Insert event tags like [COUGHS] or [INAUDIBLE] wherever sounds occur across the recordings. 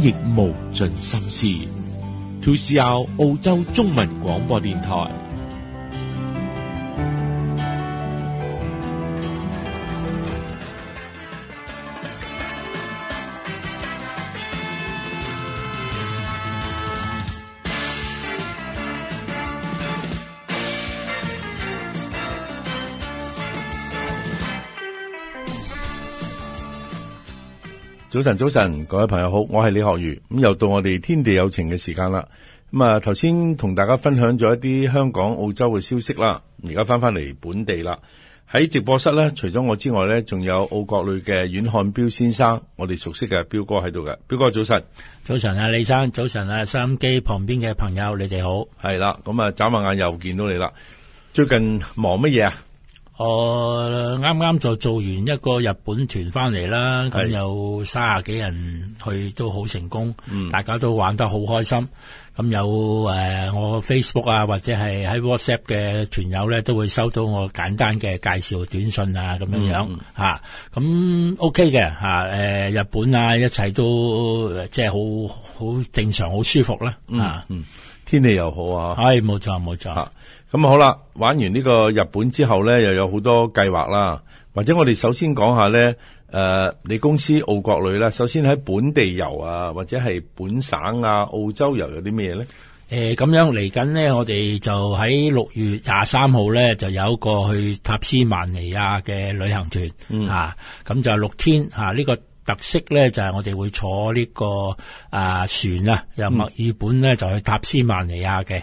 亦無盡心思。To Sir，澳洲中文廣播電台。早晨，早晨，各位朋友好，我係李學儒，咁又到我哋天地有情嘅時間啦。咁啊，頭先同大家分享咗一啲香港、澳洲嘅消息啦，而家翻翻嚟本地啦。喺直播室咧，除咗我之外咧，仲有澳國旅嘅阮漢彪先生，我哋熟悉嘅彪哥喺度嘅。彪哥早晨，早晨啊，李生，早晨啊，收音機旁邊嘅朋友，你哋好，係啦，咁啊，眨下眼又見到你啦。最近忙乜嘢啊？我啱啱就做完一個日本團翻嚟啦，咁的有卅幾人去都好成功，嗯、大家都玩得好開心。咁有、呃、我 Facebook 啊或者係喺 WhatsApp 嘅團友咧，都會收到我簡單嘅介紹短信啊咁樣樣咁、嗯啊、OK 嘅、啊呃、日本啊一切都即係好好正常、好舒服啦、嗯啊、天氣又好啊。係冇錯冇錯。沒錯咁好啦，玩完呢個日本之後咧，又有好多計劃啦。或者我哋首先講下咧，誒、呃，你公司澳國旅呢，首先喺本地遊啊，或者係本省啊、澳洲遊有啲咩咧？咁、呃、樣嚟緊呢，我哋就喺六月廿三號咧，就有一個去塔斯曼尼亞嘅旅行團嚇。咁、嗯啊、就六天呢、啊這個特色咧就係、是、我哋會坐呢、這個啊船啊，船由墨爾本咧、嗯、就去塔斯曼尼亞嘅。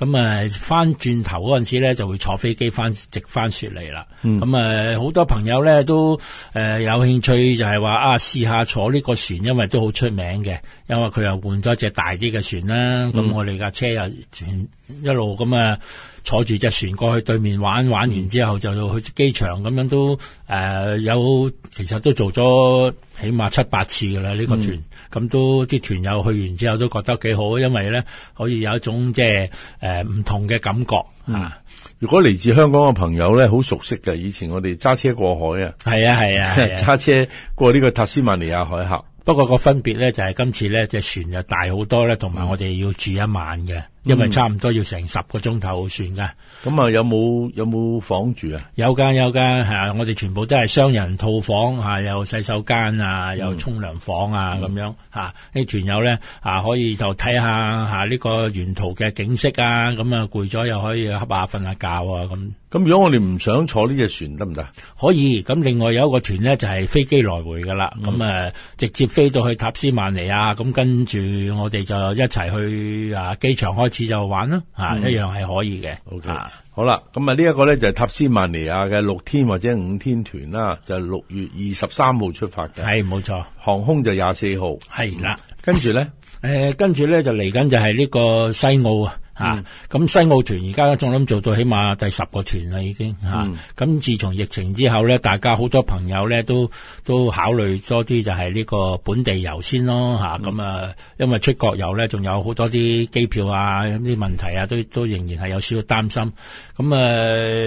咁啊，翻轉頭嗰陣時咧，就會坐飛機翻，直翻雪嚟梨啦。嗯。咁啊，好多朋友咧都誒有興趣，就係話啊試下坐呢個船，因為都好出名嘅。因為佢又換咗隻大啲嘅船啦，咁、嗯、我哋架車又全一路咁啊坐住隻船過去對面玩、嗯、玩完之後，就去機場咁樣都誒有，其實都做咗起碼七八次噶啦呢個團，咁、嗯、都啲團友去完之後都覺得幾好，因為咧可以有一種即係誒唔同嘅感覺、嗯、啊！如果嚟自香港嘅朋友咧，好熟悉嘅，以前我哋揸車過海係啊，係啊係啊，揸、啊啊、車過呢個塔斯曼尼亞海峽。不過個分別咧就係今次咧隻船就大好多咧，同埋我哋要住一晚嘅。因為差唔多要成十個鐘頭船噶，咁啊有冇有冇房住啊？有間有間、啊，我哋全部都係雙人套房，啊、有洗手間啊，有沖涼房、嗯、啊，咁樣吓啲團友咧啊，可以就睇下吓呢、啊這個沿途嘅景色啊，咁啊攰咗又可以瞌下瞓下覺啊，咁、啊。咁如果我哋唔想坐呢隻船得唔得？行行可以，咁另外有一個團咧就係、是、飛機來回噶啦，咁啊、嗯、直接飛到去塔斯曼尼亞，咁、啊、跟住我哋就一齊去啊機場開。一次就玩啦，吓、啊嗯、一樣係可以嘅。OK、啊、好啦，咁啊呢一個咧就係塔斯曼尼亞嘅六天或者五天團啦，就六月二十三號出發嘅，係冇錯。航空就廿四號係啦，跟住咧，誒、呃，跟住咧就嚟緊就係呢個西澳啊。啊！咁西澳團而家仲諗做到起碼第十個團啦，已經吓咁、啊嗯、自從疫情之後咧，大家好多朋友咧都都考慮多啲就係呢個本地遊先咯吓咁啊，嗯、啊，因為出國遊咧，仲有好多啲機票啊、咁啲問題啊，都都仍然係有少少擔心。咁啊，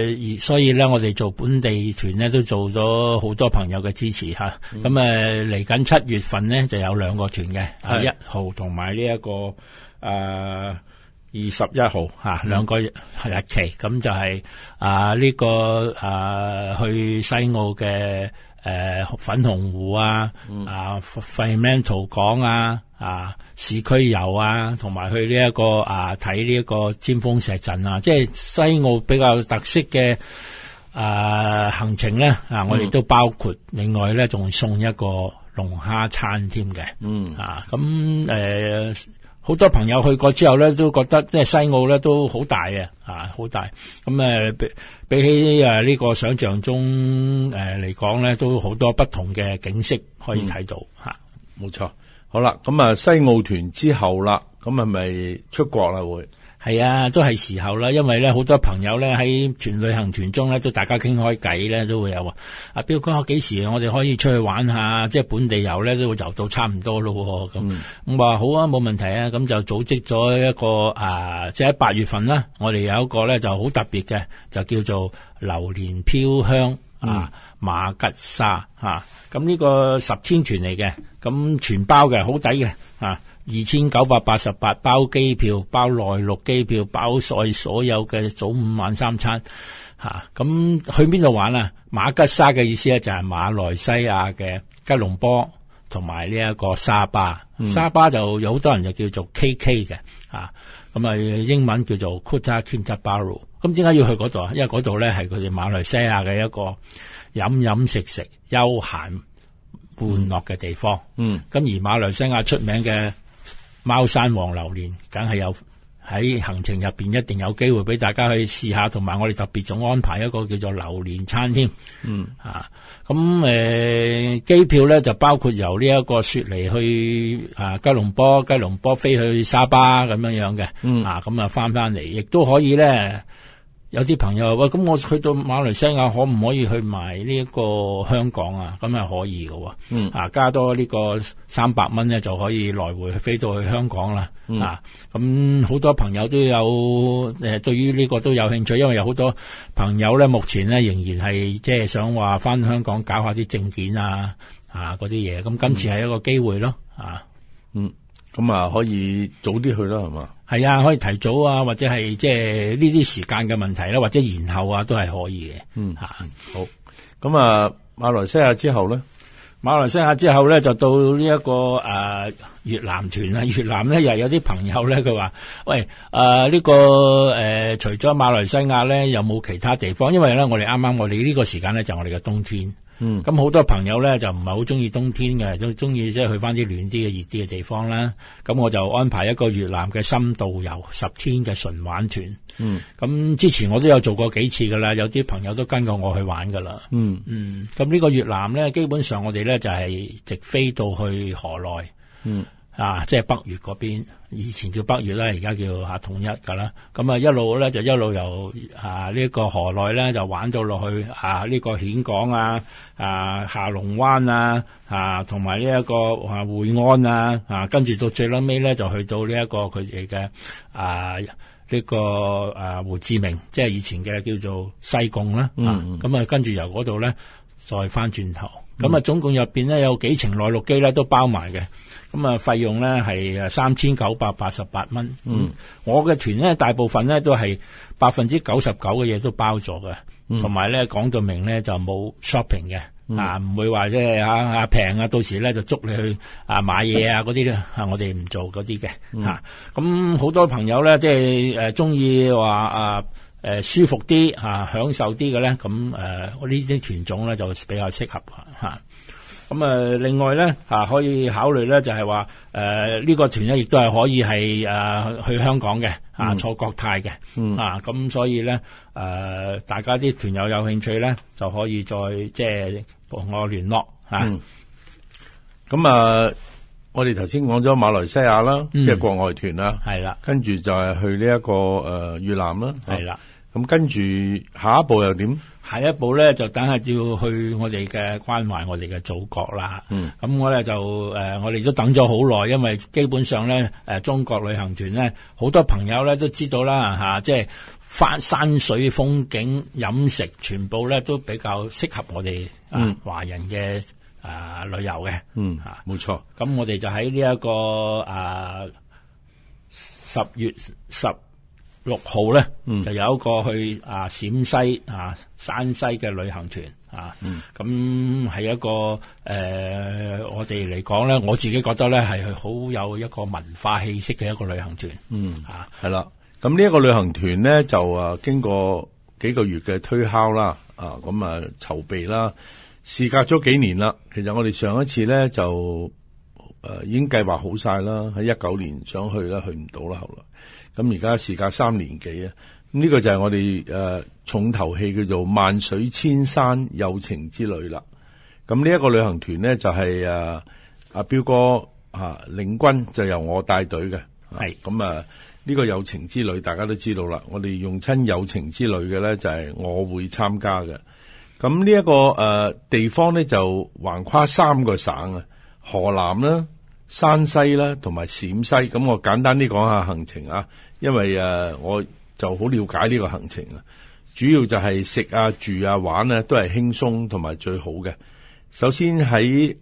而所以咧，我哋做本地團咧都做咗好多朋友嘅支持吓咁啊，嚟緊、嗯啊、七月份呢，就有兩個團嘅，啊、是的 一號同埋呢一個誒。啊二十一號嚇兩個日期，咁、嗯、就係、是、啊呢、這個啊去西澳嘅誒、啊、粉紅湖啊、嗯、啊 Fremantle 港啊啊市區遊啊，同埋去呢、這、一個啊睇呢一個尖峰石陣啊，即、就、係、是、西澳比較特色嘅啊行程咧啊，我哋都包括，嗯、另外咧仲送一個龍蝦餐添嘅，嗯啊咁誒。好多朋友去過之後咧，都覺得即係西澳咧都好大嘅，啊好大咁比比起啊呢個想象中嚟講咧，都好多不同嘅景色可以睇到嚇，冇錯，嗯啊、冇錯好啦，咁啊西澳團之後啦，咁係咪出國啦會？係啊，都係時候啦，因為咧好多朋友咧喺全旅行團中咧都大家傾開偈咧都會有啊。阿彪哥，幾時我哋可以出去玩一下？即係本地遊咧，都會遊到差唔多咯。咁我話好啊，冇問題啊。咁就組織咗一個啊，即係喺八月份啦。我哋有一個咧就好特別嘅，就叫做榴蓮飄香啊、嗯、馬吉沙吓。咁、啊、呢個十天團嚟嘅，咁全包嘅，好抵嘅啊二千九百八十八包機票，包內陸機票，包曬所有嘅早午晚三餐嚇。咁、啊、去邊度玩啦？馬吉沙嘅意思咧就係馬來西亞嘅吉隆坡同埋呢一個沙巴。嗯、沙巴就有好多人就叫做 KK 嘅嚇。咁啊，那英文叫做 Kota Kinabalu。咁點解要去嗰度啊？因為嗰度咧係佢哋馬來西亞嘅一個飲飲食食、休閒玩樂嘅地方。嗯。咁而馬來西亞出名嘅。貓山王榴蓮，梗係有喺行程入邊，一定有機會俾大家去試下，同埋我哋特別仲安排一個叫做榴蓮餐添，嗯啊，咁誒，機票咧就包括由呢一個雪梨去啊吉隆坡，吉隆坡飛去沙巴咁樣樣嘅，嗯啊，咁啊翻翻嚟，亦都可以咧。有啲朋友話：喂，咁我去到馬來西亞，可唔可以去埋呢一個香港啊？咁係可以㗎喎，啊、嗯、加多呢個三百蚊咧，就可以來回飛到去香港啦。嗯、啊，咁好多朋友都有誒、呃，對於呢個都有興趣，因為有好多朋友咧，目前咧仍然係即係想話翻香港搞一下啲證件啊、啊嗰啲嘢。咁今次係一個機會咯，嗯、啊，嗯。咁啊，可以早啲去啦，係嘛？係啊，可以提早啊，或者係即係呢啲時間嘅問題啦，或者延後啊，都係可以嘅。嗯，吓好。咁啊，馬來西亞之後呢，馬來西亞之後呢就到呢、這、一個誒、啊、越南團啦。越南呢，又有啲朋友呢，佢話：喂，誒、啊、呢、這個誒、呃，除咗馬來西亞呢，有冇其他地方？因為呢，我哋啱啱我哋呢個時間呢，就係、我哋嘅冬天。嗯，咁好多朋友咧就唔係好中意冬天嘅，都中意即係去翻啲暖啲嘅、熱啲嘅地方啦。咁我就安排一個越南嘅深度遊十天嘅純玩團。嗯，咁之前我都有做過幾次噶啦，有啲朋友都跟過我去玩噶啦。嗯嗯，咁呢、嗯、個越南咧，基本上我哋咧就係、是、直飛到去河內。嗯。啊！即係北越嗰邊，以前叫北越啦，而家叫啊統一噶啦。咁啊一路咧就一路由啊呢個河內咧就玩到落去啊呢個峴港啊啊下龍灣啊啊同埋呢一個啊會安啊啊跟住到最撚尾咧就去到呢一個佢哋嘅啊呢個啊胡志明，即係以前嘅叫做西貢啦。咁、嗯嗯、啊咁就跟住由嗰度咧再翻轉頭，咁啊、嗯嗯、總共入邊咧有幾程內陸機咧都包埋嘅。咁啊，費用咧係三千九百八十八蚊。3, 嗯，我嘅團咧大部分咧都係百分之九十九嘅嘢都包咗嘅，同埋咧講到明咧就冇 shopping 嘅、嗯啊，啊唔會話即係啊啊平啊，到時咧就捉你去買啊買嘢啊嗰啲咧，我哋唔做嗰啲嘅嚇。咁好、嗯啊、多朋友咧即係誒中意話啊、呃、舒服啲嚇、啊，享受啲嘅咧，咁誒我呢啲團種咧就比較適合、啊咁啊，另外咧，啊可以考慮咧，就係話誒呢個團咧，亦都係可以係誒、呃、去香港嘅，啊坐國泰嘅，嗯、啊咁所以咧誒、呃、大家啲團友有興趣咧，就可以再即係同我聯絡吓。咁啊，嗯呃、我哋頭先講咗馬來西亞啦，嗯、即係國外團啦，係啦是的、這個，跟住就係去呢一個誒越南啦，係啦，咁是的、嗯、跟住下一步又點？下一步咧就等下要去我哋嘅關懷我哋嘅祖國啦。咁我咧就誒，我哋、呃、都等咗好耐，因為基本上咧誒、呃，中國旅行團咧好多朋友咧都知道啦吓、啊，即係翻山水風景、飲食全部咧都比較適合我哋啊華人嘅啊旅遊嘅。嗯，吓、啊，冇錯。咁、呃嗯啊、我哋就喺呢一個啊十月十六號咧，呢嗯、就有一個去啊陝西啊山西嘅旅行團啊，咁係、嗯嗯、一個、呃、我哋嚟講咧，我自己覺得咧係好有一個文化氣息嘅一個旅行團，嗯係啦，咁呢一個旅行團咧就啊經過幾個月嘅推敲啦，啊咁啊，啊籌備啦，事隔咗幾年啦，其實我哋上一次咧就、啊、已經計劃好曬啦，喺一九年想去啦，去唔到啦，後來。咁而家時隔三年幾啊？咁、這、呢個就係我哋誒重頭戲叫做萬水千山友情之旅啦。咁呢一個旅行團咧就係誒阿彪哥吓、啊、領軍，就由我帶隊嘅。係咁是啊呢、這個友情之旅，大家都知道啦。我哋用親友情之旅嘅咧，就係我會參加嘅。咁呢一個誒、啊、地方咧就橫跨三個省啊，河南啦。山西啦，同埋陝西，咁我簡單啲講下行程啊，因為誒我就好了解呢個行程啦，主要就係食啊、住啊、玩啊，都係輕鬆同埋最好嘅。首先喺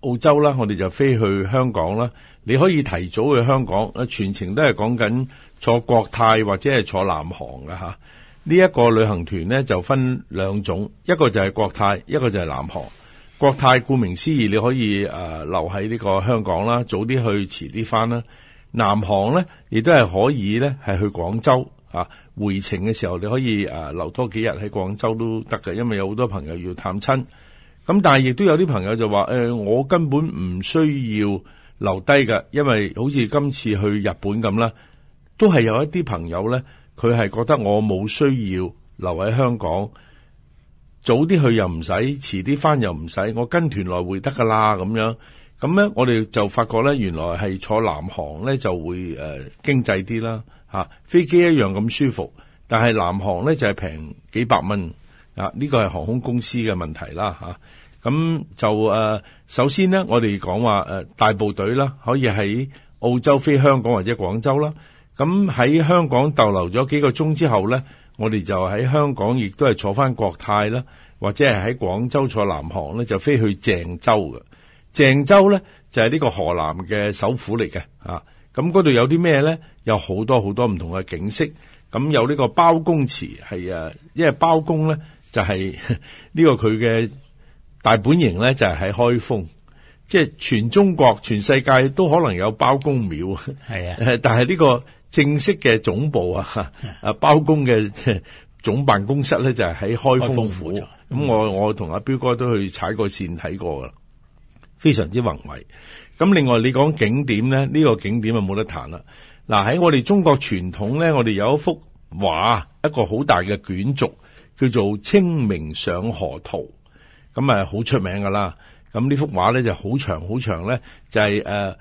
澳洲啦，我哋就飛去香港啦，你可以提早去香港，全程都係講緊坐國泰或者係坐南航噶嚇。呢一個旅行團呢，就分兩種，一個就係國泰，一個就係南航。國泰顧名思義，你可以誒、呃、留喺呢個香港啦，早啲去，遲啲翻啦。南航呢，亦都係可以呢，係去廣州啊。回程嘅時候，你可以誒、呃、留多幾日喺廣州都得㗎，因為有好多朋友要探親。咁但係亦都有啲朋友就話誒、呃，我根本唔需要留低噶，因為好似今次去日本咁啦，都係有一啲朋友呢，佢係覺得我冇需要留喺香港。早啲去又唔使，遲啲翻又唔使，我跟團來回得㗎啦咁樣。咁呢，我哋就發覺呢，原來係坐南航呢就會、呃、經濟啲啦、啊、飛機一樣咁舒服，但係南航呢就係、是、平幾百蚊啊！呢個係航空公司嘅問題啦嚇。咁、啊啊嗯、就、啊、首先呢，我哋講話呃大部隊啦，可以喺澳洲飛香港或者廣州啦。咁、啊、喺香港逗留咗幾個鐘之後呢。我哋就喺香港，亦都係坐翻國泰啦，或者係喺廣州坐南航咧，就飛去鄭州嘅。鄭州咧就係呢個河南嘅首府嚟嘅，啊，咁嗰度有啲咩咧？有好多好多唔同嘅景色，咁有呢個包公祠係啊，因為包公咧就係呢個佢嘅大本營咧，就係喺開封，即係全中國、全世界都可能有包公廟係啊，但係呢個。正式嘅總部啊，啊包公嘅總辦公室咧就係喺開封府，咁，我我同阿彪哥都去踩過線睇過噶，非常之宏偉。咁另外你講景點咧，呢、這個景點就冇得彈啦。嗱喺我哋中國傳統咧，我哋有一幅畫，一個好大嘅卷軸，叫做《清明上河圖》，咁啊好出名噶啦。咁呢幅畫咧就好長好長咧、就是，就係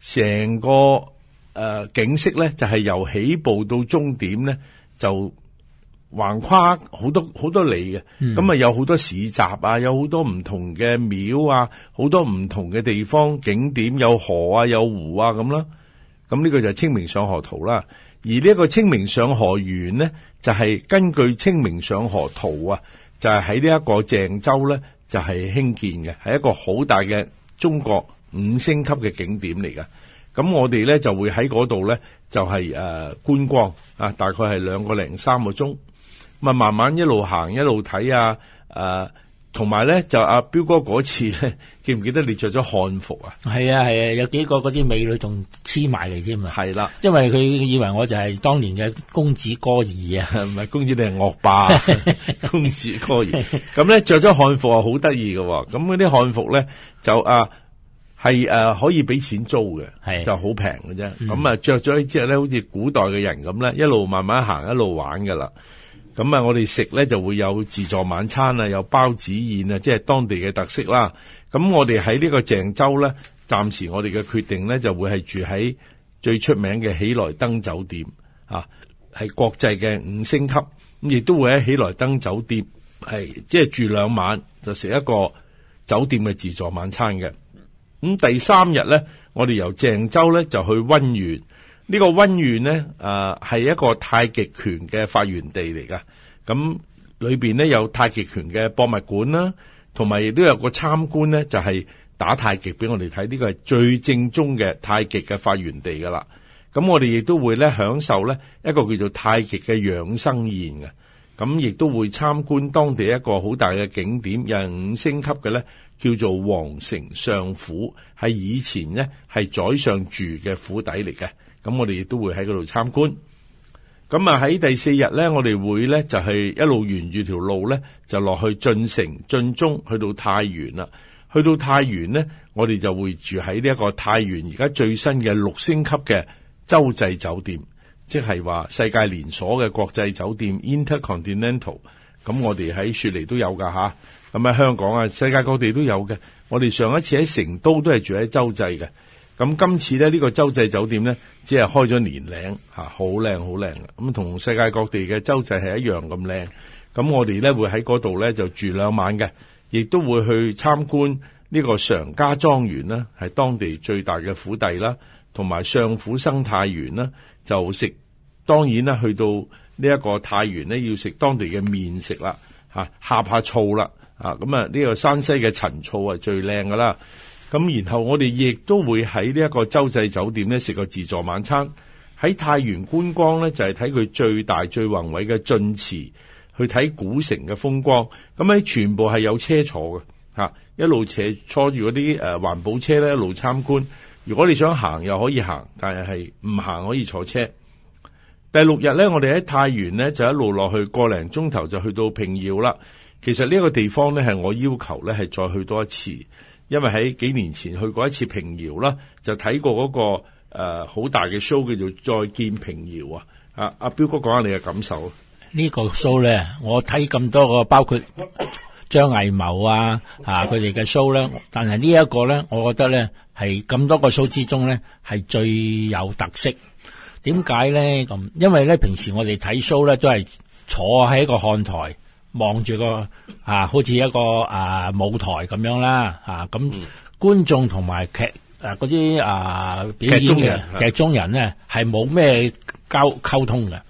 誒成個。誒、呃，景色咧就係、是、由起步到終點咧，就橫跨好多好多里嘅，咁啊、嗯、有好多市集啊，有好多唔同嘅廟啊，好多唔同嘅地方景點，有河啊，有湖啊咁啦。咁呢個就係清明上河圖啦。而呢一個清明上河園咧，就係、是、根據清明上河圖啊，就係、是、喺呢、就是、一個鄭州咧，就係興建嘅，係一個好大嘅中國五星級嘅景點嚟噶。咁我哋咧就會喺嗰度咧，就係、是、誒、呃、觀光啊，大概係兩個零三個鐘，啊慢慢一路行一路睇啊，誒同埋咧就阿、啊、彪哥嗰次咧，記唔記得你着咗漢服啊？係啊，係啊，有幾個嗰啲美女仲黐埋嚟添啊！係啦的，因為佢以為我就係當年嘅公子哥兒啊，唔係公子，你係惡霸，公子，啊、 [LAUGHS] 公子哥兒。咁咧着咗漢服係好得意嘅，咁嗰啲漢服咧就啊～係誒、啊，可以俾錢租嘅，的就便宜的、嗯、好平嘅啫。咁啊，著咗之後咧，好似古代嘅人咁咧，一路慢慢行，一路玩㗎啦。咁啊，我哋食咧就會有自助晚餐啊，有包子宴啊，即係當地嘅特色啦。咁我哋喺呢個鄭州咧，暫時我哋嘅決定咧就會係住喺最出名嘅喜來登酒店啊，係國際嘅五星級，咁亦都會喺喜來登酒店係即係住兩晚，就食一個酒店嘅自助晚餐嘅。咁第三日咧，我哋由鄭州咧就去溫縣。呢個溫縣咧，誒係一個太極拳嘅發源地嚟噶。咁裏邊咧有太極拳嘅博物館啦，同埋亦都有個參觀咧，就係打太極俾我哋睇。呢個係最正宗嘅太極嘅發源地噶啦。咁我哋亦都會咧享受咧一個叫做太極嘅養生宴嘅。咁亦都會參觀當地一個好大嘅景點，有五星級嘅咧，叫做皇城相府，喺以前呢，係宰相住嘅府邸嚟嘅。咁我哋亦都會喺嗰度參觀。咁啊喺第四日咧，我哋會咧就係一路沿住條路咧就落去晉城晉中，去到太原啦。去到太原呢，我哋就會住喺呢一個太原而家最新嘅六星級嘅洲際酒店。即係話世界連鎖嘅國際酒店 Intercontinental，咁我哋喺雪梨都有㗎吓。咁喺香港啊，世界各地都有嘅。我哋上一次喺成都都係住喺洲際嘅。咁今次咧呢、呢個洲際酒店咧，只係開咗年零吓，好靚好靚。咁同世界各地嘅洲際係一樣咁靚。咁我哋咧會喺嗰度咧就住兩晚嘅，亦都會去參觀呢個常家莊園啦，係當地最大嘅府邸啦，同埋相府生態園啦。就食，當然啦，去到呢一個太原咧，要食當地嘅麵食啦，嚇，呷下醋啦，咁啊，呢個山西嘅陳醋係最靚噶啦。咁然後我哋亦都會喺呢一個洲際酒店咧食個自助晚餐。喺太原觀光咧就係睇佢最大最宏偉嘅晉祠，去睇古城嘅風光。咁咧全部係有車坐嘅，啊，一路斜坐住嗰啲誒環保車咧一路參觀。如果你想行又可以行，但係係唔行可以坐車。第六日咧，我哋喺太原咧就一路落去個零鐘頭就去到平遙啦。其實呢個地方咧係我要求咧係再去多一次，因為喺幾年前去過一次平遙啦，就睇過嗰個誒好大嘅 show 叫做《再見平遙》啊。阿阿彪哥講下你嘅感受。呢個 show 咧，我睇咁多個包括。張藝謀啊，吓佢哋嘅 show 咧，但係呢一個咧，我覺得咧係咁多個 show 之中咧係最有特色。點解咧咁？因為咧平時我哋睇 show 咧都係坐喺一個看台望住個啊，好似一個啊舞台咁樣啦，啊咁、啊嗯、觀眾同埋劇啊嗰啲啊表演嘅劇中人咧係冇咩交溝通嘅。是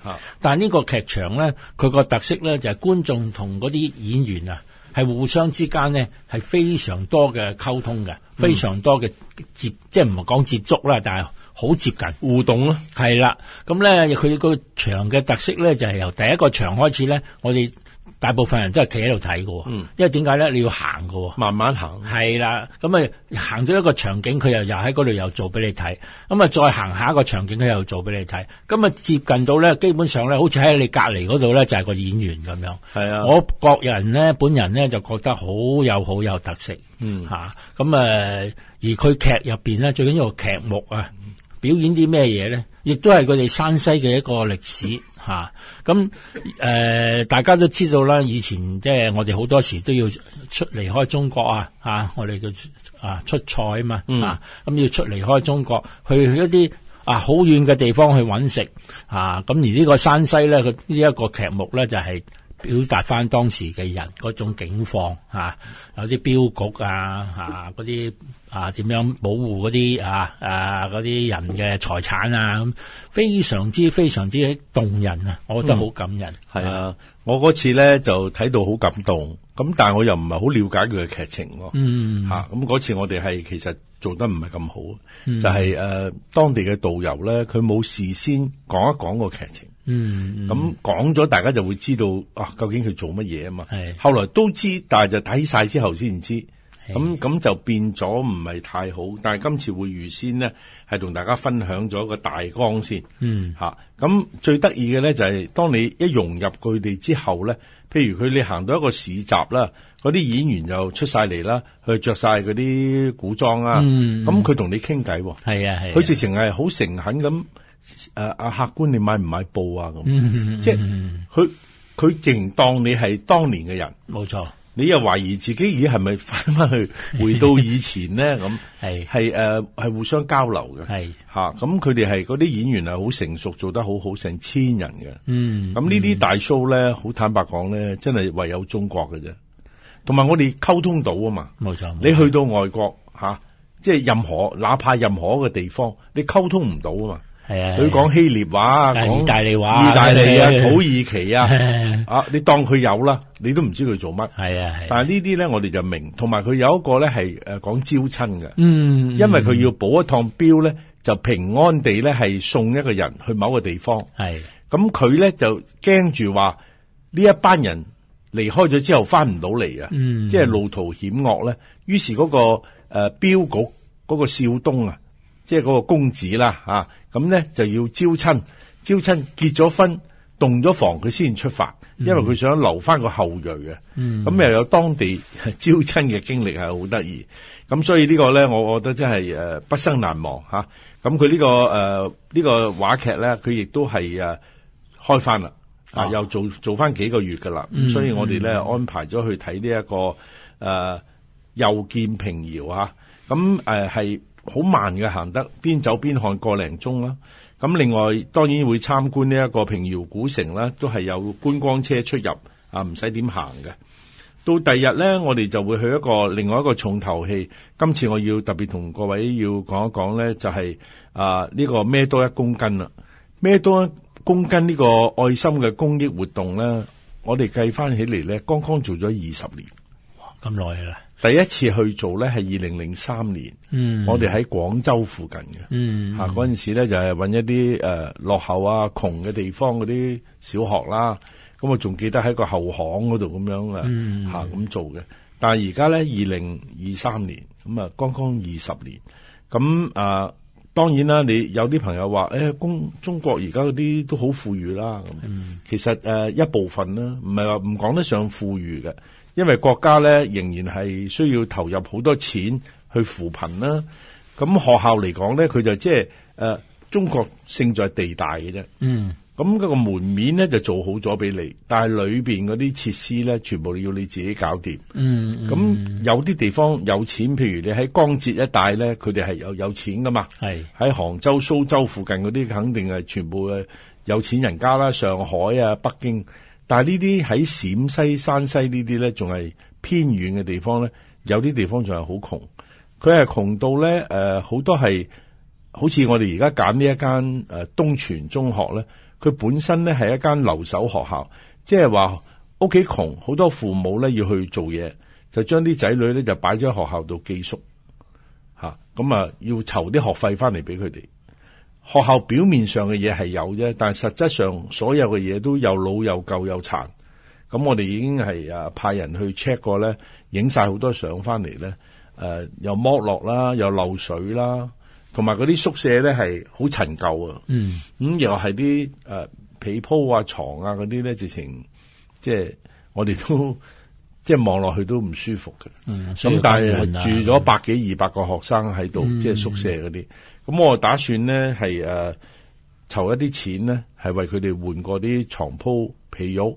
但係呢個劇場咧，佢個特色咧就係、是、觀眾同嗰啲演員啊。係互相之間呢，係非常多嘅溝通嘅，非常多嘅、嗯、接，即係唔係講接觸啦，但係好接近互動咯。係啦，咁咧佢個場嘅特色咧，就係、是、由第一個場開始咧，我哋。大部分人都係企喺度睇喎，嗯、因為點解咧？你要行喎，慢慢行。係啦，咁啊，行到一個場景，佢又又喺嗰度又做俾你睇，咁啊，再行下一個場景，佢又做俾你睇，咁啊，接近到咧，基本上咧，好似喺你隔離嗰度咧，就係個演員咁樣。係啊，我個人咧，本人咧就覺得好有好有特色。嗯，吓，咁啊，啊，而佢劇入面咧，最緊要個劇目啊。表演啲咩嘢咧？亦都係佢哋山西嘅一個歷史咁、啊呃、大家都知道啦，以前即係我哋好多時都要出離開中國啊，我哋叫啊出塞啊嘛啊，咁、啊啊、要出離開中國去一啲啊好遠嘅地方去揾食咁，而呢個山西咧，佢呢一個劇目咧就係、是、表達翻當時嘅人嗰種景況、啊、有啲鏢局啊嗰啲。啊啊，點樣保護嗰啲啊啊啲人嘅財產啊，非常之非常之動人啊！我覺得好感人，係、嗯、啊，啊！我嗰次咧就睇到好感動，咁但係我又唔係好了解佢嘅劇情喎、啊。嗯嗯咁嗰次我哋係其實做得唔係咁好，嗯、就係誒、啊、當地嘅導遊咧，佢冇事先講一講個劇情。嗯咁、嗯啊、講咗，大家就會知道啊，究竟佢做乜嘢啊嘛？係。後來都知道，但係就睇晒之後先知道。咁咁、嗯、就變咗唔係太好，但係今次會預先呢，係同大家分享咗個大綱先，嚇、嗯。咁、啊、最得意嘅咧就係、是、當你一融入佢哋之後咧，譬如佢你行到一個市集啦，嗰啲演員就出曬嚟啦，佢着曬嗰啲古裝啊，咁佢同你傾偈喎。係啊係，佢直情係好誠懇咁，誒，啊客官你買唔買布啊咁，嗯嗯、即係佢佢淨當你係當年嘅人，冇錯。你又懷疑自己而係咪返返去回到以前咧？咁係係誒係互相交流嘅。係吓是，咁佢哋係嗰啲演員係好成熟，做得好好，很成千人嘅。嗯，咁呢啲大 show 咧、嗯，好坦白講咧，真係唯有中國嘅啫。同埋我哋溝通到啊嘛，冇錯。你去到外國吓、啊，即係任何哪怕任何一個地方，你溝通唔到啊嘛。係佢講希臘話啊，講意大利話、意大利啊、土耳其啊，的啊，你當佢有啦，你都唔知佢做乜。係啊，但係呢啲咧，我哋就明，同埋佢有一個咧係誒講招親嘅，啊、親嗯，因為佢要補一趟鏢咧，就平安地咧係送一個人去某個地方，係的。咁佢咧就驚住話呢一班人離開咗之後翻唔到嚟啊，嗯，即係路途險惡咧。於是嗰個誒鏢局嗰個少東啊，即係嗰個公子啦，吓、啊。咁咧就要招親，招親結咗婚，動咗房佢先出發，因為佢想留翻個後裔嘅。咁、嗯、又有當地招親嘅經歷係好得意。咁所以呢個咧，我覺得真係誒畢生難忘嚇。咁佢呢個誒呢、呃這個話劇咧，佢亦都係誒開翻啦，啊、哦、又做做翻幾個月噶啦。嗯、所以我哋咧安排咗去睇呢一個誒、呃、又見平遙啊。咁、啊、係。好慢嘅行得，邊走邊看個零鐘啦。咁另外，當然會參觀呢一個平遙古城啦，都係有觀光車出入，啊，唔使點行嘅。到第二日咧，我哋就會去一個另外一個重頭戲。今次我要特別同各位要講一講咧，就係、是、啊呢、這個孭多一公斤啦、啊，孭多一公斤呢個愛心嘅公益活動咧，我哋計翻起嚟咧，剛剛做咗二十年，哇，咁耐啦！第一次去做咧，係二零零三年，嗯、我哋喺廣州附近嘅，吓嗰陣時咧就係、是、揾一啲誒、呃、落後啊窮嘅地方嗰啲小學啦，咁我仲記得喺個後巷嗰度咁樣、嗯、啊吓咁做嘅。但係而家咧，二零二三年，咁啊剛剛二十年，咁啊當然啦，你有啲朋友話誒、欸，中中國而家嗰啲都好富裕啦，嗯、其實誒、呃、一部分啦，唔係話唔講得上富裕嘅。因為國家咧仍然係需要投入好多錢去扶貧啦、啊，咁學校嚟講咧，佢就即係誒，中國勝在地大嘅啫。嗯，咁嗰個門面咧就做好咗俾你，但係裏邊嗰啲設施咧，全部要你自己搞掂。嗯,嗯，咁有啲地方有錢，譬如你喺江浙一帶咧，佢哋係有有錢噶嘛。係喺是的 杭州、蘇州附近嗰啲，肯定係全部有錢人家啦。上海啊，北京。但係呢啲喺陝西、山西這些呢啲咧，仲係偏遠嘅地方咧，有啲地方仲係好窮，佢係窮到咧，誒、呃、好多係好似我哋而家揀呢一間誒、呃、東泉中學咧，佢本身咧係一間留守學校，即係話屋企窮，好多父母咧要去做嘢，就將啲仔女咧就擺咗喺學校度寄宿嚇，咁啊要籌啲學費翻嚟俾佢哋。學校表面上嘅嘢，係有啫，但實質上所有嘅嘢都有老又舊又殘。咁我哋已經係啊派人去 check 過咧，影晒好多相返嚟咧。誒、呃、又剝落啦，又漏水啦，同埋嗰啲宿舍咧係好陳舊啊。嗯，嗯，咁又係啲誒被鋪啊、床啊嗰啲咧，直情即係我哋都即係望落去都唔舒服嘅。嗯，咁但係、啊、住咗百幾二百個學生喺度，嗯、即係宿舍嗰啲。咁我打算咧係誒，籌、呃、一啲錢咧，係為佢哋換過啲床鋪、被褥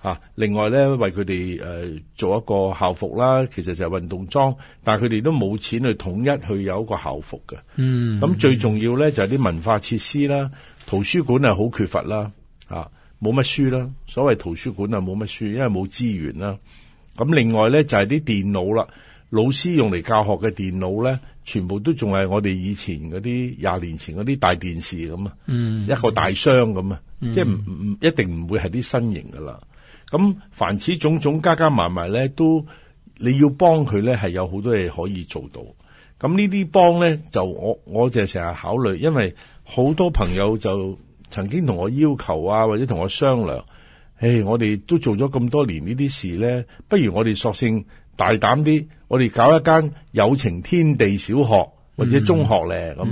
啊。另外咧，為佢哋誒做一個校服啦。其實就係運動裝，但係佢哋都冇錢去統一去有一個校服嘅。嗯、mm。咁、hmm. 最重要咧就係、是、啲文化設施啦，圖書館係好缺乏啦，啊，冇乜書啦。所謂圖書館啊，冇乜書，因為冇資源啦。咁另外咧就係、是、啲電腦啦，老師用嚟教學嘅電腦咧。全部都仲係我哋以前嗰啲廿年前嗰啲大電視咁啊，mm hmm. 一個大箱咁啊，mm hmm. 即係唔唔一定唔會係啲新型噶啦。咁凡此種種加加埋埋咧，都你要幫佢咧，係有好多嘢可以做到。咁呢啲幫咧，就我我淨係成日考慮，因為好多朋友就曾經同我要求啊，或者同我商量，誒、哎，我哋都做咗咁多年這些事呢啲事咧，不如我哋索性，大膽啲，我哋搞一間有情天地小學或者中學咧咁。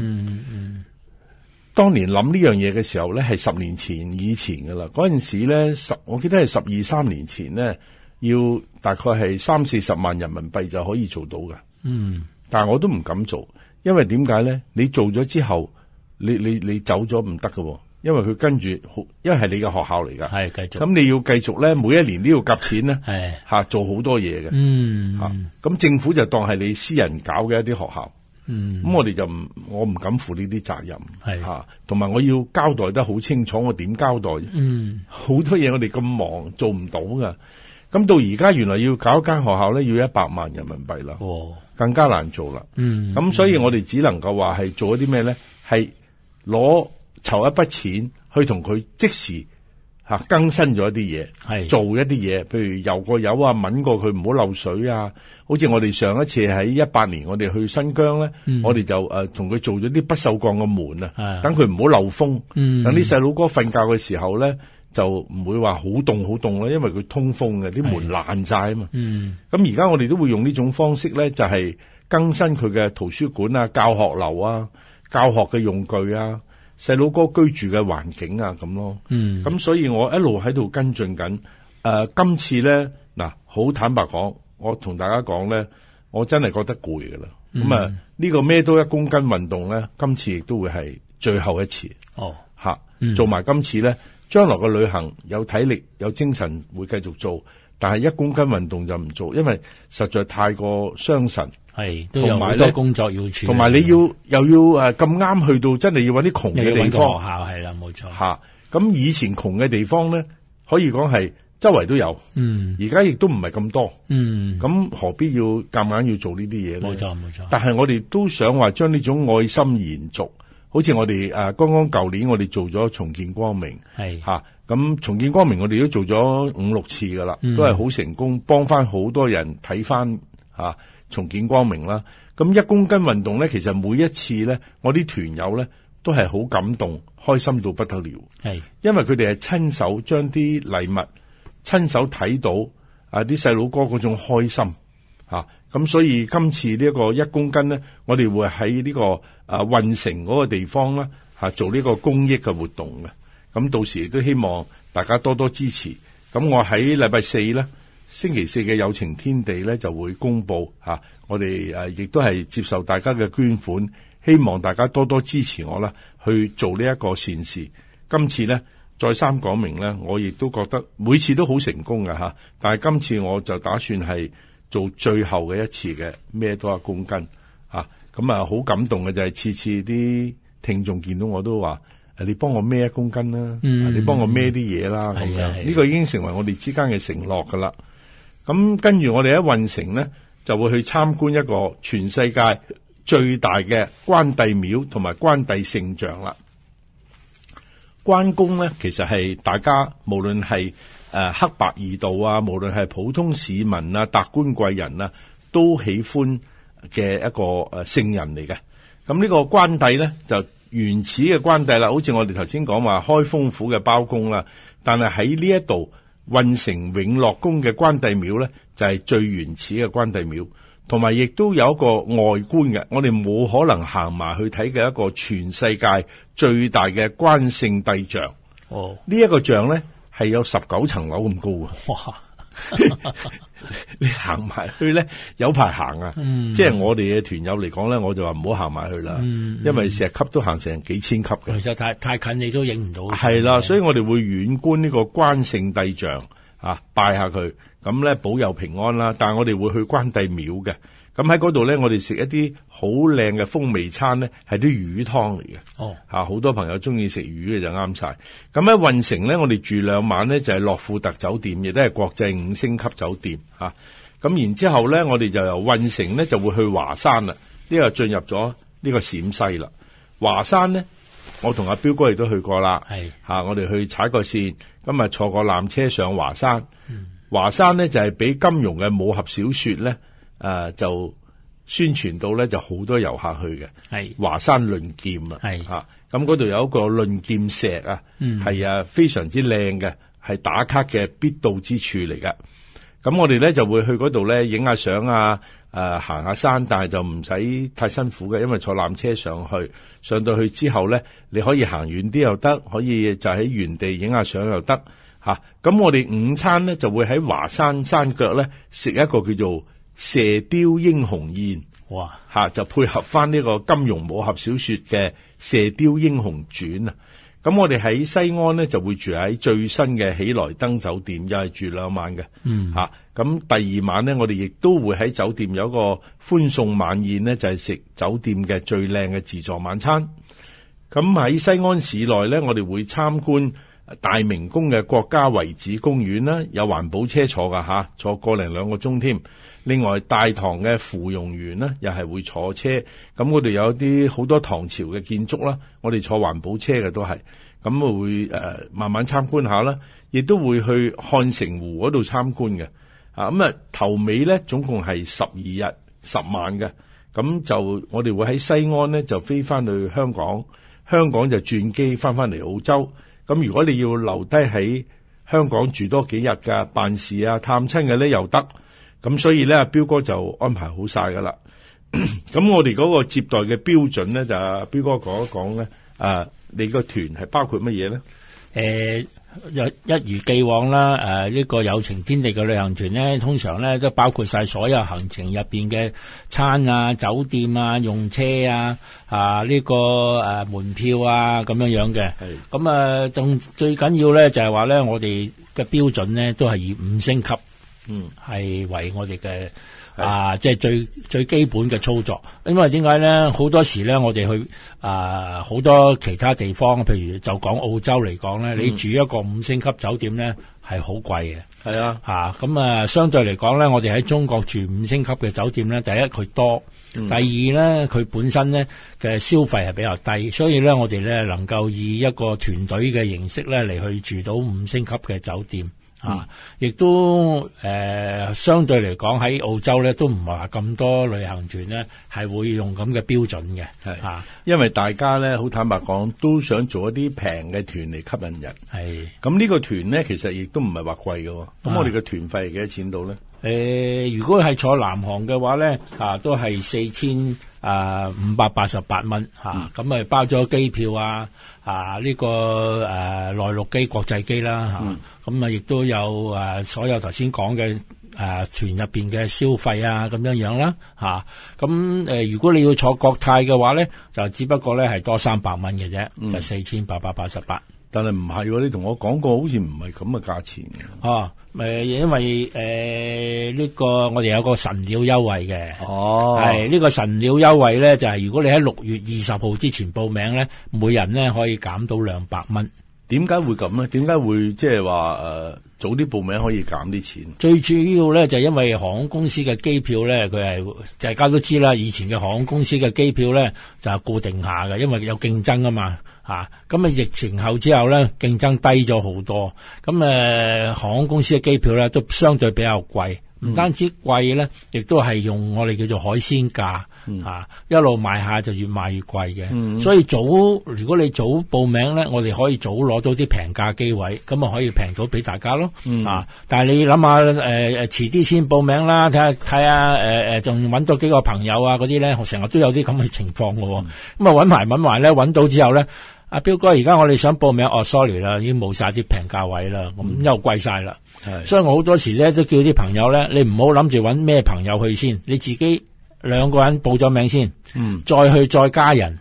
當年諗呢樣嘢嘅時候咧，係十年前以前噶啦。嗰陣時咧十，我記得係十二三年前咧，要大概係三四十萬人民幣就可以做到㗎。嗯，但係我都唔敢做，因為點解咧？你做咗之後，你你你,你走咗唔得噶。因為佢跟住，好，因為係你嘅學校嚟噶。係繼續。咁你要繼續咧，每一年都要夾錢咧。係吓是，做好多嘢嘅。嗯。吓、啊，咁政府就當係你私人搞嘅一啲學校。嗯。咁我哋就唔，我唔敢負呢啲責任。係吓是，同埋、啊、我要交代得好清楚，我點交代？嗯。好多嘢我哋咁忙做唔到噶。咁到而家原來要搞一間學校咧，要一百萬人民幣啦。哦。更加難做啦。嗯。咁所以、嗯，我哋只能夠話係做一啲咩咧？係攞。籌一筆錢去同佢即時、啊、更新咗一啲嘢，的做一啲嘢，譬如油過油啊，敏過佢唔好漏水啊。好似我哋上一次喺一八年，我哋去新疆咧，嗯、我哋就同佢、啊、做咗啲不鏽鋼嘅門啊，等佢唔好漏風。等啲細佬哥瞓覺嘅時候咧，就唔會話好凍好凍啦，因為佢通風嘅啲門爛晒啊嘛。咁而家我哋都會用呢種方式咧，就係、是、更新佢嘅圖書館啊、教學樓啊、教學嘅用具啊、細佬哥居住嘅環境啊，咁咯，咁、嗯嗯、所以我一路喺度跟進緊。誒、呃，今次咧，嗱，好坦白講，我同大家講咧，我真係覺得攰噶啦咁、嗯、啊、呢、呢個咩都一公斤運動咧，今次亦都會係最後一次。哦、吓、啊、嗯、做埋今次咧，將來嘅旅行有體力有精神會繼續做，但係一公斤運動就唔做，因為實在太過傷神。係，都有好多工作要處理同埋，你要又要誒咁啱去到真係要揾啲窮嘅地方，學校係啦，冇錯。吓，咁、啊、以前窮嘅地方咧，可以講係周圍都有。嗯，而家亦都唔係咁多。嗯、咁、啊、何必要夾硬，硬要做呢啲嘢呢？冇錯，冇錯。但係我哋都想話將呢種愛心延續，好似我哋誒剛剛舊年我哋做咗重建光明。係吓是，咁、啊、重建光明我哋都做咗五六次噶啦，嗯，都係好成功，幫翻好多人睇翻吓。重見光明啦！咁一公斤運動咧，其實每一次咧，我啲團友咧都係好感動，開心到不得了。係因為佢哋係親手將啲禮物，親手睇到啊啲細佬哥嗰種開心咁、啊、所以今次呢一個一公斤咧，我哋會喺呢、呢個啊運城嗰個地方呢、啊、做呢個公益嘅活動嘅。咁到時亦都希望大家多多支持。咁我喺禮拜四咧。星期四嘅有情天地咧，就會公布吓、啊，我哋誒、啊、亦都係接受大家嘅捐款，希望大家多多支持我啦，去做呢一個善事。今次咧再三講明咧，我亦都覺得每次都好成功嘅吓、啊，但係今次我就打算係做最後嘅一次嘅，孭多一公斤吓，咁啊好、啊啊、感動嘅就係、是、次次啲聽眾見到我都話你幫我孭一公斤啦、啊，嗯、你幫我孭啲嘢啦，咁、嗯、樣呢個是已經成為我哋之間嘅承諾噶啦。咁跟住我哋喺運城呢，就會去參觀一個全世界最大嘅關帝廟同埋關帝聖像啦。關公呢，其實係大家無論係誒黑白二道啊，無論係普通市民啊、達官貴人啊，都喜歡嘅一個誒聖人嚟嘅。咁呢個關帝呢，就原始嘅關帝啦，好似我哋頭先講話開封府嘅包公啦，但係喺呢一度。運城永樂宮嘅關帝廟咧，就係最原始嘅關帝廟，同埋亦都有一個外觀嘅。我哋冇可能行埋去睇嘅一個全世界最大嘅關聖帝像。哦，呢一個像咧，係有十九層樓咁高嘅。哇 [LAUGHS] [LAUGHS] 你行埋去咧，有排行啊，嗯、即係我哋嘅團友嚟講咧，我就話唔好行埋去啦，嗯嗯、因為石級都行成幾千級嘅，其實太太近你都影唔到。係啦，所以我哋會遠觀呢個關聖帝像啊，拜下佢，咁咧保佑平安啦。但係我哋會去關帝廟嘅。咁喺嗰度咧，我哋食一啲好靚嘅風味餐咧，係啲魚湯嚟嘅。哦，吓，好多朋友中意食魚嘅就啱晒。咁喺運城咧，我哋住兩晚咧就係、是、諾富特酒店，亦都係國際五星級酒店。吓、啊，咁然之後咧，我哋就由運城咧就會去華山啦。這個、進個山呢個進入咗呢個陝西啦。華山咧，我同阿彪哥亦都去過啦。係吓是、啊，我哋去踩個線，咁啊坐個纜車上華山。華、嗯、山咧就係、是、畀金庸嘅武俠小說咧。誒、呃、就宣傳到咧，就好多遊客去嘅。係是華山論劍是啊，係咁嗰度有一個論劍石啊，係、嗯、啊，非常之靚嘅，係打卡嘅必到之處嚟嘅。咁我哋咧就會去嗰度咧影下相啊，呃、行下山，但係就唔使太辛苦嘅，因為坐纜車上去，上到去之後咧，你可以行遠啲又得，可以就喺原地影下相又得，咁我哋午餐咧就會喺華山山腳咧食一個叫做。射雕英雄宴哇，嚇、啊、就配合翻呢個金庸武俠小說嘅《射雕英雄傳》啊！咁我哋喺西安呢，就會住喺最新嘅喜來登酒店，又係住兩晚嘅，嚇咁、嗯啊、第二晚呢，我哋亦都會喺酒店有一個歡送晚宴呢就係、是、食酒店嘅最靚嘅自助晚餐。咁喺西安市內呢，我哋會參觀大明宮嘅國家遺址公園啦，有環保車坐嘅嚇、啊，坐個零兩個鐘添。另外，大唐嘅芙蓉園呢又係會坐車。咁我哋有啲好多唐朝嘅建築啦。我哋坐環保車嘅都係咁啊，會誒、呃、慢慢參觀一下啦。亦都會去漢城湖嗰度參觀嘅啊。咁啊頭尾呢，總共係十二日十晚嘅。咁就我哋會喺西安呢，就飛翻去香港，香港就轉機翻翻嚟澳洲。咁如果你要留低喺香港住多幾日噶辦事啊探親嘅呢，又得。咁所以咧，彪哥就安排好晒噶啦。咁 [COUGHS] 我哋嗰個接待嘅標準呢，就阿彪哥講一講呢，啊，啊，你個團係包括乜嘢呢？誒、呃，一一如既往啦。誒、啊，呢、這個有情天地嘅旅行團呢，通常呢都包括晒所有行程入邊嘅餐啊、酒店啊、用車啊、啊呢、這個誒、啊、門票啊咁樣樣嘅。係是的、嗯。咁啊，仲最緊要呢就係話呢，我哋嘅標準呢都係以五星級。嗯，係為我哋嘅啊，即係最最基本嘅操作。因為點解咧？好多時咧，我哋去啊，好多其他地方，譬如就講澳洲嚟講咧，嗯、你住一個五星級酒店咧係好貴嘅。係、嗯、啊，吓咁啊，相對嚟講咧，我哋喺中國住五星級嘅酒店咧，第一佢多，第二咧佢本身咧嘅消費係比較低，所以咧我哋咧能夠以一個團隊嘅形式咧嚟去住到五星級嘅酒店。啊！亦都誒、呃，相對嚟講喺澳洲咧，都唔係話咁多旅行團咧，係會用咁嘅標準嘅，是啊、因為大家咧，好坦白講，都想做一啲平嘅團嚟吸引人。係咁，是呢個團咧，其實亦都唔係話貴嘅。咁我哋嘅團費係幾多錢到咧、啊呃？如果係坐南航嘅話咧，啊，都係四千，啊，五百八十八蚊嚇，咁、啊、咪、嗯、包咗機票啊，啊呢、這個誒、啊、內陸機、國際機啦嚇，咁啊亦、嗯啊、都有誒、啊、所有頭先講嘅誒團入邊嘅消費啊咁樣樣啦嚇，咁、啊、誒、啊、如果你要坐國泰嘅話咧，就只不過咧係多三百蚊嘅啫，嗯、就四千八百八十八。但係唔係喎？你同我講過，好似唔係咁嘅價錢嘅。誒、啊，因為誒呢、呃這個我哋有個神鳥優惠嘅。哦，係呢、這個神鳥優惠咧，就係、是、如果你喺六月二十號之前報名咧，每人咧可以減到兩百蚊。呃、點解會咁咧？點解會即係話誒早啲報名可以減啲錢？最主要咧就係、因為航空公司嘅機票咧，佢係大家都知啦。以前嘅航空公司嘅機票咧就係固定下嘅，因為有競爭啊嘛。吓咁啊，疫情後之後咧，競爭低咗好多。咁誒、呃，航空公司嘅機票咧都相對比較貴，唔單止貴咧，亦都係用我哋叫做海鮮價。吓、嗯啊，一路賣下就越賣越貴嘅，嗯、所以早如果你早報名咧，我哋可以早攞到啲平價機位，咁啊可以平到俾大家咯。嗯、啊，但係你諗下誒誒，遲啲先報名啦，睇下睇下誒誒，仲搵、呃、到幾個朋友啊嗰啲咧，成日都有啲咁嘅情況喎、哦。咁啊搵埋搵埋咧，搵到之後咧，阿、啊、彪哥而家我哋想報名，哦 sorry 啦，已經冇晒啲平價位啦，咁、嗯、又貴晒啦。的所以我好多時咧都叫啲朋友咧，你唔好諗住搵咩朋友去先，你自己。兩個人報咗名先，嗯、再去再加人，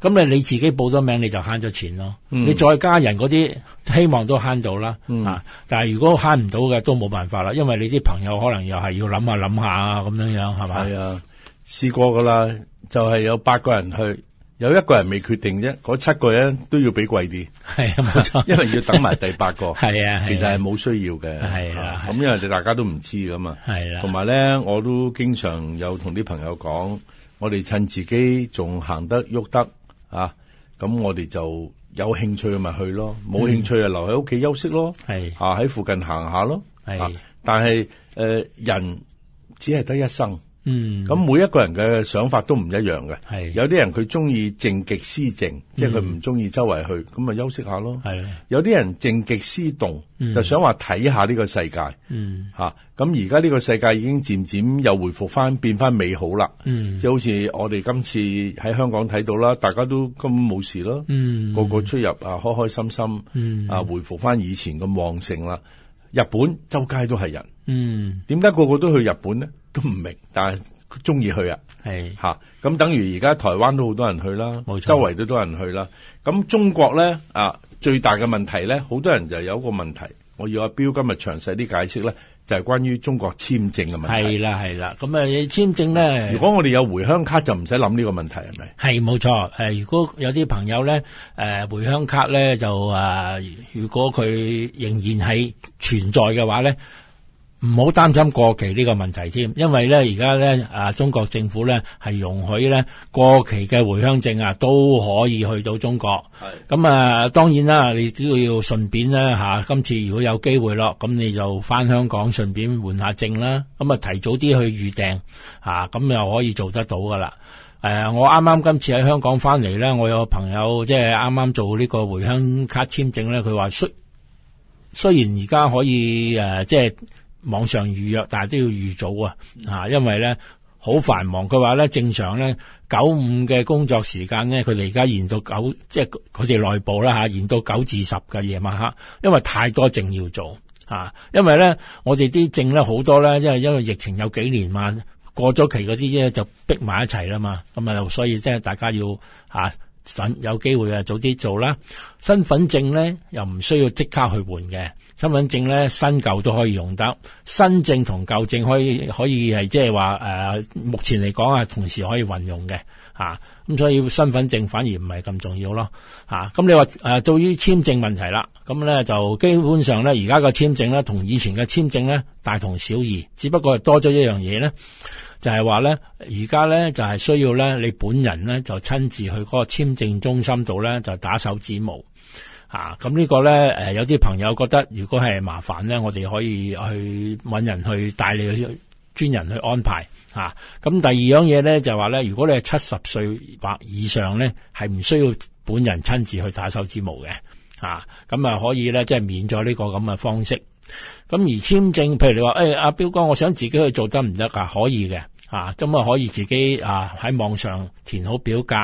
咁你你自己報咗名你就慳咗錢咯。嗯、你再加人嗰啲，希望都慳到啦。嗯、啊，但係如果慳唔到嘅，都冇辦法啦，因為你啲朋友可能又係要諗下諗下，咁樣樣，係咪？係啊，試過噶啦，就係、是、有八個人去。有一個人未決定啫，嗰七個呢都要畀貴啲，係啊，冇錯，因為要等埋第八個，係啊，其實係冇需要嘅，係啊，咁因為大家都唔知噶嘛，係啊，同埋咧我都經常有同啲朋友講，我哋趁自己仲行得喐得啊，咁我哋就有興趣咪去咯。冇興趣啊留喺屋企休息咯，係啊喺附近行下咯，係，但係誒人只係得一生。嗯，咁每一個人嘅想法都唔一樣嘅。係有啲人佢中意靜極思靜，即係佢唔中意周圍去，咁咪休息下咯。係有啲人靜極思動，就想話睇下呢個世界。嗯，吓咁而家呢個世界已經漸漸又回復翻，變翻美好啦。嗯，即好似我哋今次喺香港睇到啦，大家都根本冇事咯。嗯，個個出入啊，開開心心。嗯，啊，回復翻以前咁旺盛啦。日本周街都係人。嗯，點解個個都去日本呢？都唔明，但係佢中意去是啊！係咁，等於而家台灣都好多人去啦，錯周圍都多人去啦。咁中國咧啊，最大嘅問題咧，好多人就有一個問題，我要阿彪今日詳細啲解釋咧，就係、是、關於中國簽證嘅問題。係啦，係啦，咁啊簽證咧、啊，如果我哋有回鄉卡就唔使諗呢個問題，係咪？係冇錯、啊，如果有啲朋友咧，回、呃、回鄉卡咧就啊，如果佢仍然係存在嘅話咧。唔好擔心過期呢個問題添，因為呢而家呢啊，中國政府呢係容許呢過期嘅回鄉證啊都可以去到中國。咁啊的，當然啦，你都要順便啦嚇。今次如果有機會咯，咁你就翻香港順便換下證啦。咁啊，提早啲去預訂嚇，咁又可以做得到噶啦。誒，我啱啱今次喺香港翻嚟呢，我有個朋友即係啱啱做呢個回鄉卡簽證呢，佢話雖，雖然而家可以誒，即係。網上預約，但係都要預早啊！吓，因為咧，好繁忙嘅話咧，正常咧九五嘅工作時間咧，佢哋而家延到九，即係佢哋內部啦、啊、吓，延到九至十嘅夜晚黑，因為太多證要做、啊、因為咧我哋啲證咧好多咧，即係因為疫情有幾年嘛，過咗期嗰啲咧就逼埋一齊啦嘛，咁啊，所以即係大家要吓。啊有機會啊，早啲做啦。身份證咧又唔需要即刻去換嘅，身份證咧新舊都可以用得，新證同舊證可以可以係即係話誒，目前嚟講啊，同時可以運用嘅嚇。咁所以身份證反而唔係咁重要咯嚇。咁你話誒，到於簽證問題啦，咁咧就基本上咧而家個簽證咧同以前嘅簽證咧大同小異，只不過係多咗一樣嘢咧。就係話咧，而家咧就係需要咧，你本人咧就親自去嗰個簽證中心度咧就打手指模咁、啊、呢個咧有啲朋友覺得如果係麻煩咧，我哋可以去搵人去帶你去專人去安排咁、啊、第二樣嘢咧就係話咧，如果你係七十歲或以上咧，係唔需要本人親自去打手指模嘅，咁啊就可以咧即係免咗呢個咁嘅方式。咁、啊、而簽證，譬如你話誒阿彪哥，我想自己去做得唔得㗎？可以嘅。啊，咁啊可以自己啊喺網上填好表格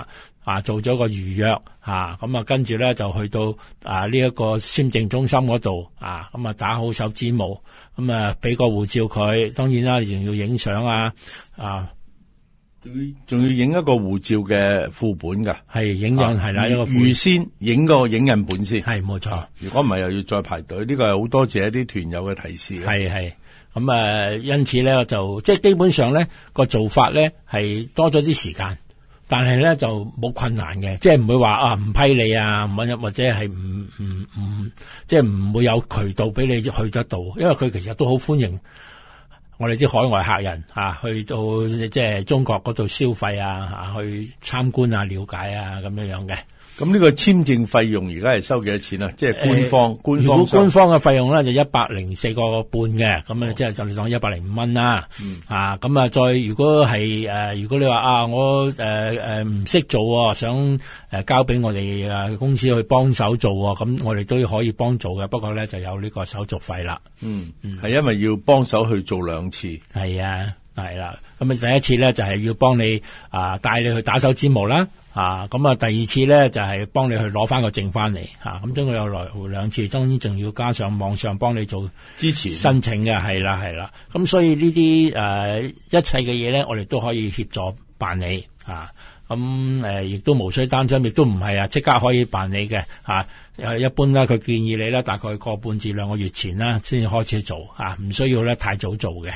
啊，做咗個預約啊，咁啊跟住咧就去到啊呢一、這個簽證中心嗰度啊，咁啊打好手指模，咁啊俾、啊、個護照佢，當然啦，你仲要影相啊，啊，仲要影一個護照嘅副本噶，係影印係啦，一個預先影個影印本先，係冇錯。如果唔係又要再排隊，呢、這個係好多謝一啲團友嘅提示。係係。咁啊、嗯，因此咧就即係基本上咧個做法咧係多咗啲時間，但係咧就冇困難嘅，即係唔會話啊唔批你啊，唔搵入，或者或者係唔唔唔，即係唔會有渠道俾你去得到，因為佢其實都好歡迎我哋啲海外客人吓、啊、去到即係中國嗰度消費啊、吓、啊、去參觀啊、了解啊咁樣樣嘅。咁呢個簽證費用而家係收幾多錢啊？即係官方，欸、官方官方嘅費用咧就一百零四個半嘅，咁啊即係就嚟講一百零五蚊啦。嗯、啊，咁啊再如果係誒、呃，如果你話啊，我誒誒唔識做啊、哦，想誒、呃、交俾我哋公司去幫手做啊、哦，咁我哋都可以幫做嘅，不過咧就有呢個手續費啦。嗯嗯，係、嗯、因為要幫手去做兩次。係啊，係啦、啊，咁啊第一次咧就係、是、要幫你啊、呃、帶你去打手指模啦。啊，咁啊，第二次咧就係、是、幫你去攞翻、啊、個證翻嚟，吓咁，總共有來回兩次，當然仲要加上網上幫你做申請嘅，係啦前，係啦，咁所以呢啲誒一切嘅嘢咧，我哋都可以協助辦理，啊，咁誒亦都無需擔心，亦都唔係啊，即刻可以辦理嘅，吓、啊、誒，一般咧，佢建議你咧，大概個半至兩個月前啦，先開始做，吓、啊、唔需要咧太早做嘅。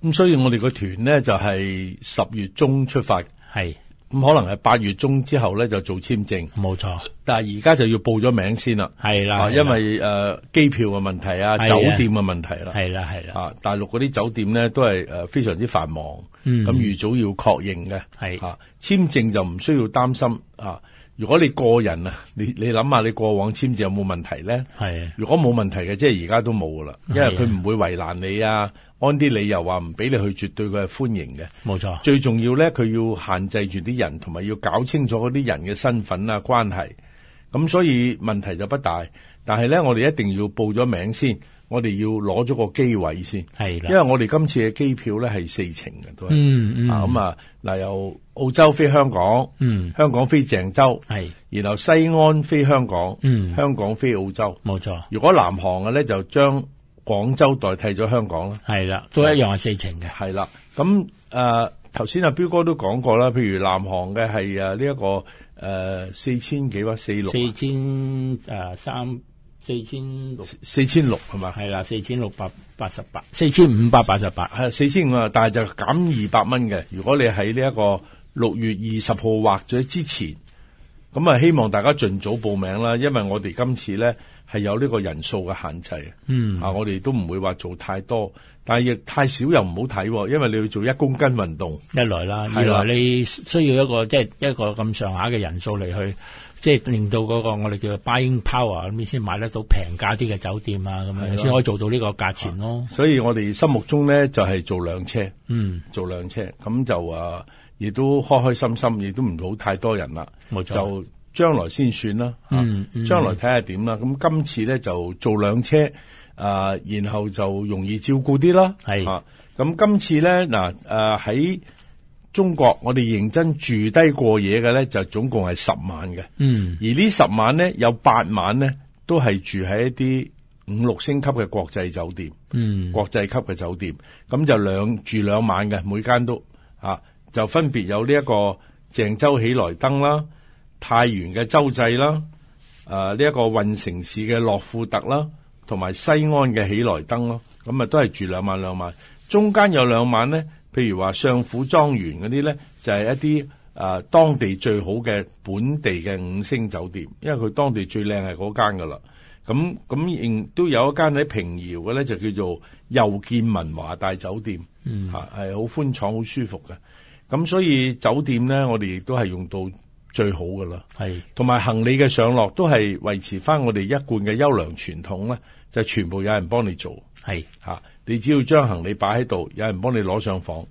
咁所以我哋個團呢，就係、是、十月中出發，係。咁可能係八月中之後咧就做簽證，冇錯。但係而家就要報咗名先啦，係啦的，因為誒機票嘅問題啊，的酒店嘅問題啦，係啦係啦，啊，大陸嗰啲酒店咧都係誒非常之繁忙，咁預、嗯嗯、早要確認嘅，係的啊簽證就唔需要擔心啊。如果你個人啊，你你諗下你過往簽字有冇問題咧？係的，如果冇問題嘅，即係而家都冇噶啦，的因為佢唔會為難你啊，的按啲理，理由話唔俾你去，絕對佢係歡迎嘅。冇錯，最重要咧，佢要限制住啲人，同埋要搞清楚嗰啲人嘅身份啊、關係。咁所以問題就不大，但係咧，我哋一定要報咗名先。我哋要攞咗個機位先，係啦了，因為我哋今次嘅機票咧係四程嘅都係嗯，嗯嗯，啊咁啊，嗱由澳洲飛香港，嗯，香港飛鄭州，係是，然後西安飛香港，嗯，香港飛澳洲，冇錯。如果南航嘅咧就將廣州代替咗香港啦，係啦，都一樣係四程嘅，係啦。咁誒，頭先阿彪哥都講過啦，譬如南航嘅係誒呢一個誒四千幾或四六，四千誒三。4, 四千六，四千六係嘛？係啦，四千六百八十八，四千五百八十八，係四千五啊！但係就是減二百蚊嘅。如果你喺呢一個六月二十號或者之前，咁啊希望大家盡早報名啦，因為我哋今次咧係有呢個人數嘅限制，嗯，啊，我哋都唔會話做太多。但係亦太少又唔好睇，因為你要做一公斤運動。一來啦，的二來你需要一個即係、就是、一個咁上下嘅人數嚟去，即係令到嗰個我哋叫做 buying power 咁你先買得到平價啲嘅酒店啊，咁樣先可以做到呢個價錢咯。所以我哋心目中咧就係、是、做兩車，嗯，做兩車咁就啊，亦都開開心心，亦都唔好太多人啦。冇錯，就將來先算啦，嗯，將來睇下點啦。咁今次咧就做兩車。啊，然後就容易照顧啲啦。係是啊，咁今次咧嗱，誒、啊、喺、啊、中國，我哋認真住低過夜嘅咧，就總共係十晚嘅。嗯，而十晚呢十晚咧有八晚咧都係住喺一啲五六星級嘅國際酒店，嗯，國際級嘅酒店。咁就兩住兩晚嘅，每間都啊，就分別有呢一個鄭州喜來登啦，太原嘅洲際啦，啊呢一、這個運城市嘅諾富特啦。同埋西安嘅喜來登咯，咁啊都係住兩晚兩晚，中間有兩晚咧，譬如話相府莊園嗰啲咧，就係、是、一啲誒、呃、當地最好嘅本地嘅五星酒店，因為佢當地最靚係嗰間噶啦。咁咁亦都有一間喺平遙嘅咧，就叫做又建文華大酒店，吓係好寬敞好舒服嘅。咁所以酒店咧，我哋亦都係用到。最好噶啦，係，同埋行李嘅上落都係維持翻我哋一貫嘅優良傳統咧，就是，全部有人幫你做係吓是、啊,你只要將行李擺喺度，有人幫你攞上房，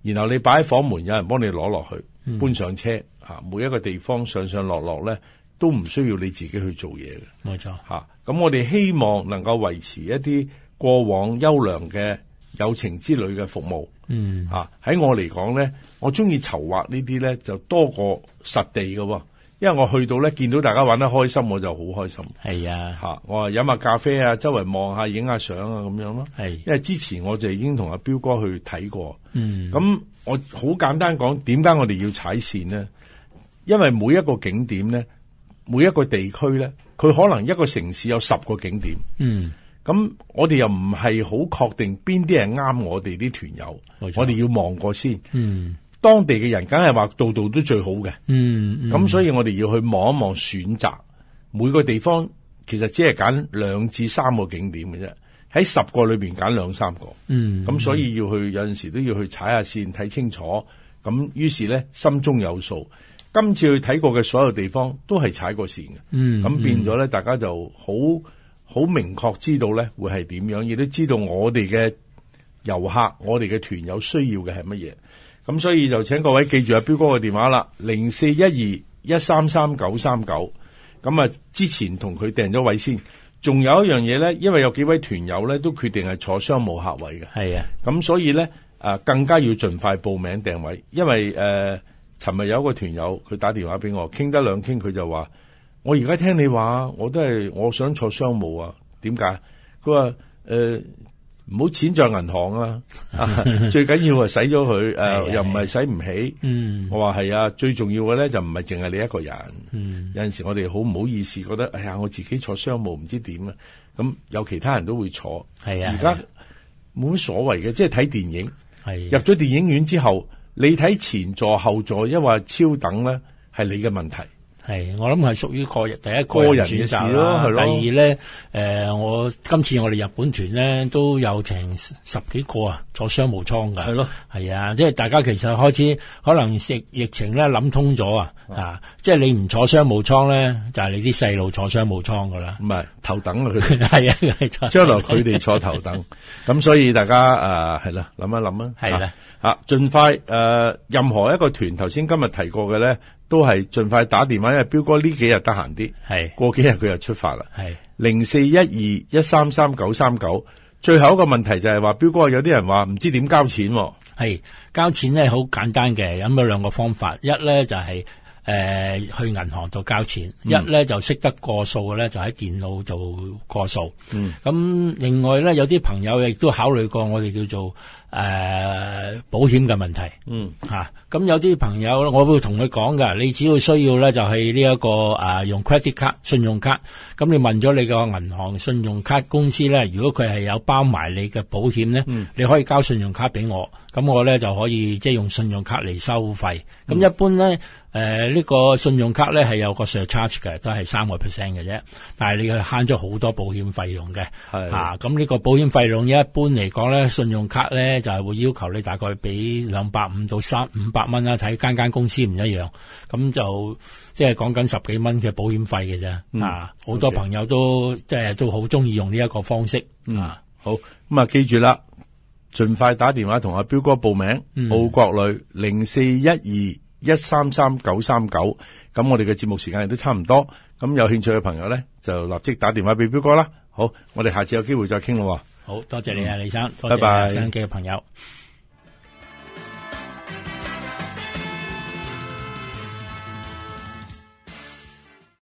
然後你擺喺房門，有人幫你攞落去、嗯、搬上車吓、啊，每一個地方上上落落咧都唔需要你自己去做嘢嘅，冇錯吓。咁、啊、我哋希望能夠維持一啲過往優良嘅。友情之類嘅服務，嗯啊喺我嚟講咧，我中意籌劃呢啲咧就多過實地嘅喎，因為我去到咧見到大家玩得開心，我就好開心。係啊，嚇、啊、我話飲下咖啡啊，周圍望下，影下相啊，咁樣咯。係，因為之前我就已經同阿彪哥去睇過，嗯，咁我好簡單講，點解我哋要踩線呢？因為每一個景點咧，每一個地區咧，佢可能一個城市有十個景點，嗯。咁我哋又唔係好確定邊啲係啱我哋啲團友，冇錯，我哋要望過先。嗯，當地嘅人梗係話度度都最好嘅、嗯。嗯，咁所以我哋要去望一望選擇每個地方，其實只係揀兩至三個景點嘅啫，喺十個裏面揀兩三個。嗯，咁、嗯、所以要去有陣時都要去踩下線睇清楚。咁於是咧心中有數，今次去睇過嘅所有地方都係踩過線嘅、嗯。嗯，咁變咗咧大家就好。好明確知道呢會係點樣，亦都知道我哋嘅遊客、我哋嘅團友需要嘅係乜嘢，咁所以就請各位記住阿彪哥嘅電話啦，零四一二一三三九三九，咁啊之前同佢訂咗位先，仲有一樣嘢呢，因為有幾位團友呢都決定係坐商務客位嘅，係是啊，咁所以呢，誒更加要儘快報名訂位，因為誒尋日有一個團友佢打電話俾我，傾得兩傾，佢就話。我而家聽你話，我都係我想坐商務啊？點解？佢話誒，唔、呃、好錢在銀行啊！最緊要係使咗佢誒，又唔係使唔起。我話係啊，最重要嘅咧就唔係淨係你一個人。嗯、有陣時我哋好唔好意思，覺得、哎、呀我自己坐商務唔知點啊？咁有其他人都會坐，而家冇乜所謂嘅，即係睇電影。啊、入咗電影院之後，你睇前座後座，因為超等咧，係你嘅問題。係，我諗係屬於個人第一個人嘅事囉、啊。第二咧，誒、呃，我今次我哋日本團咧都有成十幾個啊，坐商務艙噶。係咯的，係啊，即係大家其實開始可能疫疫情咧諗通咗啊，啊，即係你唔坐商務艙咧，就係你啲細路坐商務艙噶啦。唔係頭等佢係啊，將來佢哋坐頭等，咁所以大家啊，係啦，諗一諗啊，係啦，盡盡快誒，任何一個團頭先今日提過嘅咧。都係盡快打電話，因為彪哥呢幾日得閒啲，係是過幾日佢又出發啦。係零四一二一三三九三九，1 1 39 39, 最後一個問題就係話，彪哥有啲人話唔知點交錢喎、哦。係交錢呢好簡單嘅，有冇兩個方法？一呢就係、是、誒、呃、去銀行度交錢，嗯、一呢就識得過數嘅呢就喺電腦度過數。嗯，咁另外呢，有啲朋友亦都考慮過，我哋叫做。誒、呃，保險嘅問題，嗯，吓、啊，咁有啲朋友，我會同佢講噶，你只要需要咧、這個，就係呢一個誒，用 credit 卡，信用卡，咁你問咗你個銀行信用卡公司咧，如果佢係有包埋你嘅保險咧，嗯、你可以交信用卡俾我，咁我咧就可以即係、就是、用信用卡嚟收費，咁、嗯、一般咧，誒、呃，呢、這個信用卡咧係有個 surcharge 嘅，都係三個 percent 嘅啫，但係你去慳咗好多保險費用嘅，係的，咁呢、啊、個保險費用一般嚟講咧，信用卡咧。就係會要求你大概俾兩百五到三五百蚊啦，睇間間公司唔一樣，咁就即係講緊十幾蚊嘅保險費嘅啫。嗯、啊，好 Okay. 多朋友都即係、就是、都好中意用呢一個方式。嗯，啊、好，咁啊記住啦，盡快打電話同阿彪哥報名，報、嗯、澳國旅零四一二一三三九三九。咁我哋嘅節目時間亦都差唔多，咁有興趣嘅朋友咧就立即打電話俾彪哥啦。好，我哋下次有機會再傾咯。好多謝你啊，李生，嗯，多謝收音機嘅朋友。拜拜。